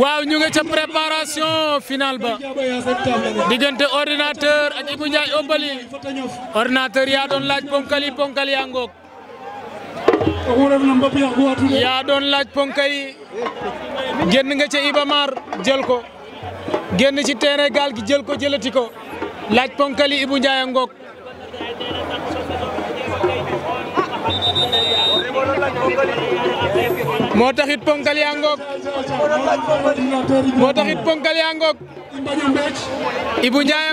waaw ñu nga ca préparation ba diggante ordinateur ak Ibou Ndiaye Obali ordinateur yaa doon laaj ponkali ponkali a ngoog yaa doon laaj ponkali génn nga ca Ibamar jël ko génn ci terrain gaal gi jël ko jëlati ko laaj ponkali Ibou Ndiaye ngoog moo taxit ponkal yaa ngoog moo taxit ponkal yaa ngoog Ibou Ndiaye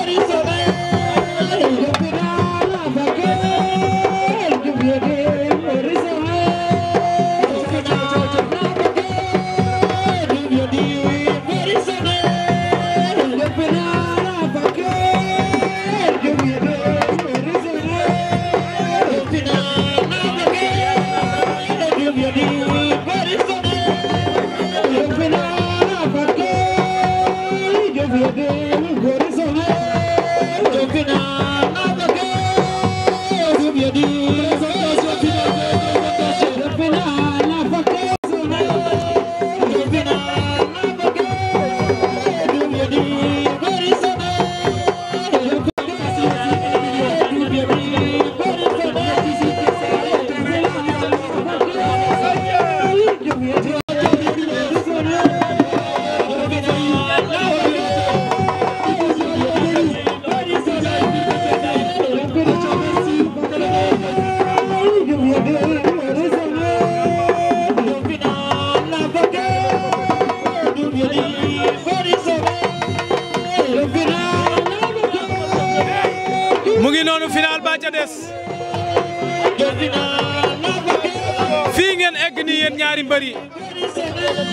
mu ngi noonu final ba ca des fii ngeen egg nii yéen ñaari mbëri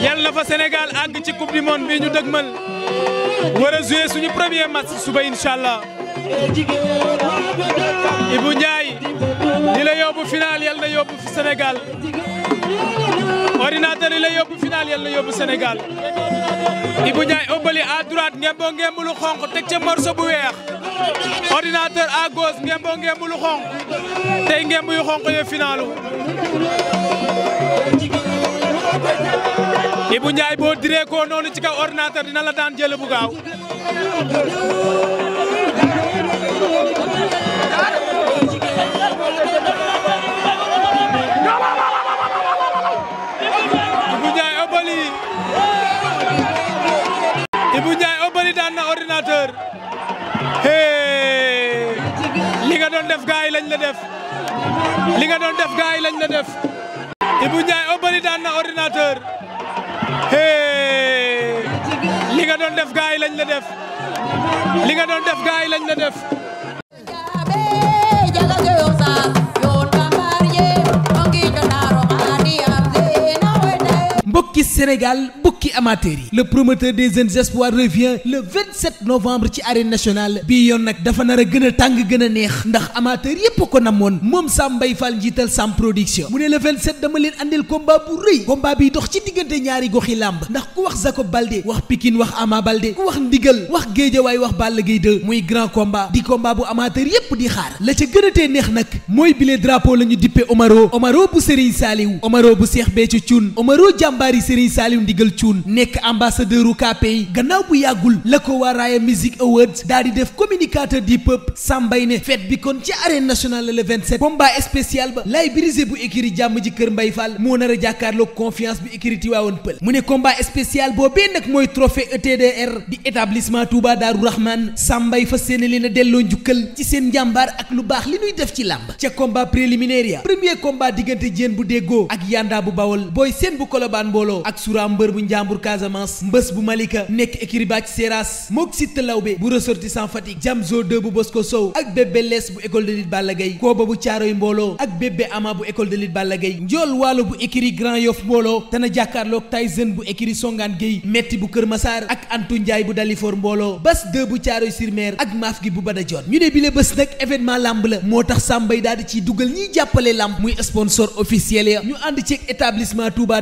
yal na fa Sénégal àgg ci coupe du monde bii ñu dëgmal war a jouer suñu premier match suba incha allah Ibou Ndiaye li la yóbbu final yal na yóbbu fi Sénégal ordinateur li la yóbbu final yal na yóbbu Sénégal Ibou Ndiaye ëbbali à droite ngeen xonq teg ca morceau bu weex. ordinateur à gauche ngembo xonq tey ngemb yu xonq yo finalu Ibou Ndiaye boo diree ko ci kaw ordinateur dina la daan jël bu gaaw li nga doon def gaay lañ la def li nga doon def gaay lañ la def Ibou Ndiaye Obeuly daan na ordinateur hey li nga doon def gaay lañ la def li nga doon def gaay lañ la def Sénégal bukki amateur yi le promoteur des jeunes espoirs revient le 27 novembre ci arène nationale bii yoon nag dafa nar a gën a tàng gën a neex ndax amateur yépp ko namoon moom Sam Mbaye Fall njiital Sam Production mu ne le 27 dama leen andil combat bu rëy combat bi dox ci diggante ñaari goxi làmb ndax ku wax Jacob Baldé wax Pikine wax Ama Baldé ku wax Ndigal wax Géejawaay wax Balla Gaye 2 muy grand combat di combat bu amateur yépp di xaar la ca gën a tee neex nag mooy bile drapeau la ñu dippe Omaro Omaro bu Serigne Saliou Omaro bu Cheikh Béthio Thioune Omaro jàmbaari Serigne Serigne Saliou Ndigal Thioune nekk ambassadeuru KPI gannaaw bu yàggul la ko waa Raaya Awards daal di def communicateur du peuple sàmbay ne fet bi kon ci arène nationale le 27 combat spécial ba lay brisé bu écurie jàmm ji kër Mbay Fall moo nar a jàkkaarloog confiance bu écurie Tivaouane Peulh mu ne combat spécial boobee nag mooy trophée ETDR di établissement Touba Darou Rahman sàmbay fa seen leen a delloo njukkal ci seen njàmbaar ak lu baax li ñuy def ci là ca combat préliminaire ya premier diggante jéen bu déggoo ak yandaa bu bawol ak sura mbër bu njàmbur Casamance mbës bu Malika nekk écurie ba ci Seras mook Siteu Lawbe bu ressortissant Fatick jam zo 2 bu Bosco Sow ak bébé lees bu école de lutte Balla kooba bu Caaroy mbooloo ak bébé ama bu école de lutte Balla Gaye njool waalo bu écurie Grand Yoff mbooloo dana jàkkaarloog Tyson bu écurie Songane Gueye metti bu Kër Massar ak Antu Njaay bu Dalifor mbooloo bas 2 bu Caaroy sur Mer ak maaf gi bu Badajon ñu ne bile bés lamb la moo tax sàmbay daal di ciy dugal jàppale lamb muy sponsor officiel ya ñu ànd ceeg établissement Touba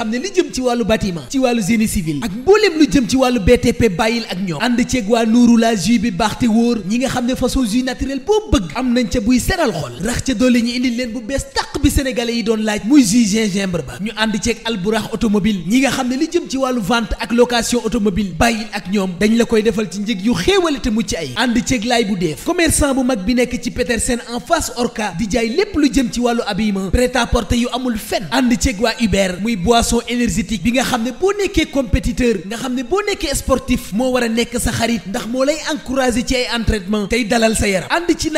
xam ne li jëm ci wàllu bâtiment ci wàllu génie civil ak mbooleem lu jëm ci wàllu BTP bàyyil ak ñoom ànd ceeg waa nuuru la jus bi baax te wóor ñi nga xam ne façon jus naturel boo bëgg am nañ ca buy seral xol rax ca doole ñu indi leen bu bees tax bi sénégalais yi doon laaj muy jus gingembre ba ñu ànd ceeg alburax automobile ñi nga xam ne li jëm ci wàllu vente ak location automobile bàyyil ak ñoom dañ la koy defal ci njëg yu xéewale te mucc ay ànd ceeg laay bu deef commerçant bu mag bi nekk ci Petersen en face Orca di jaay lépp lu jëm ci wàllu habillement prêt-à-porter yu amul fenn ànd ceeg waa Uber muy boisson énergétique bi nga xam ne boo nekkee compétiteur nga xam ne boo nekkee sportif moo war a nekk sa xarit ndax moo lay encourager ci ay entraînement tey dalal sa yaram ànd ci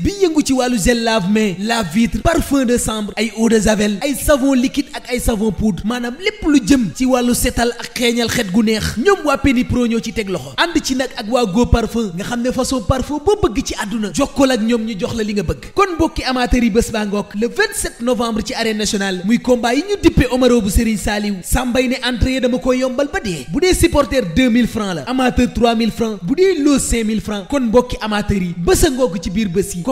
bi yëngu ci parfum la vitre parfum de chambre ay eau de javel ay savon liquide ak ay savon poudre maanaam lépp lu jëm ci wàllu setal ak xeeñal xet gu neex ñoom waa Penipro ñoo ci teg loxo ànd ci nag ak waa Go Parfum nga xam ne façon parfum boo bëgg ci àdduna jokkoo ak ñoom ñu jox la li nga bëgg kon mbokki amateur yi bés baa ngoog le 27 novembre ci arène nationale muy combat yi ñu dippe Omaro bu Serigne Saliou sàmbay ne entrée dama koy yombal ba dee bu dee supporter 2000 la amateur 3000 francs bu dee kon mbokki amateur yi bés a ngoog biir bés yi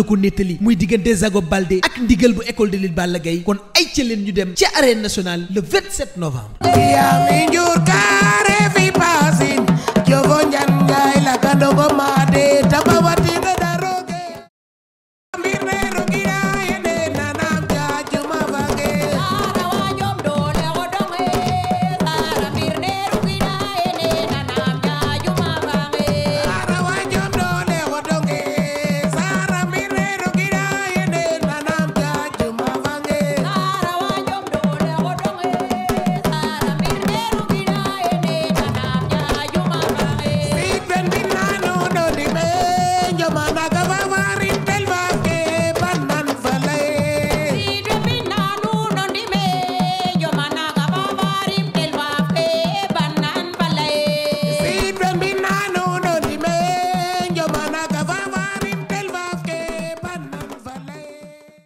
la ko nettali muy diggante Zago Baldé ak ndigal bu école de lutte Balla Gaye kon ay ca ñu dem ci arène nationale le 27 novembre. Yami njur kaare fi paasin jogo njanjaay la ka dogo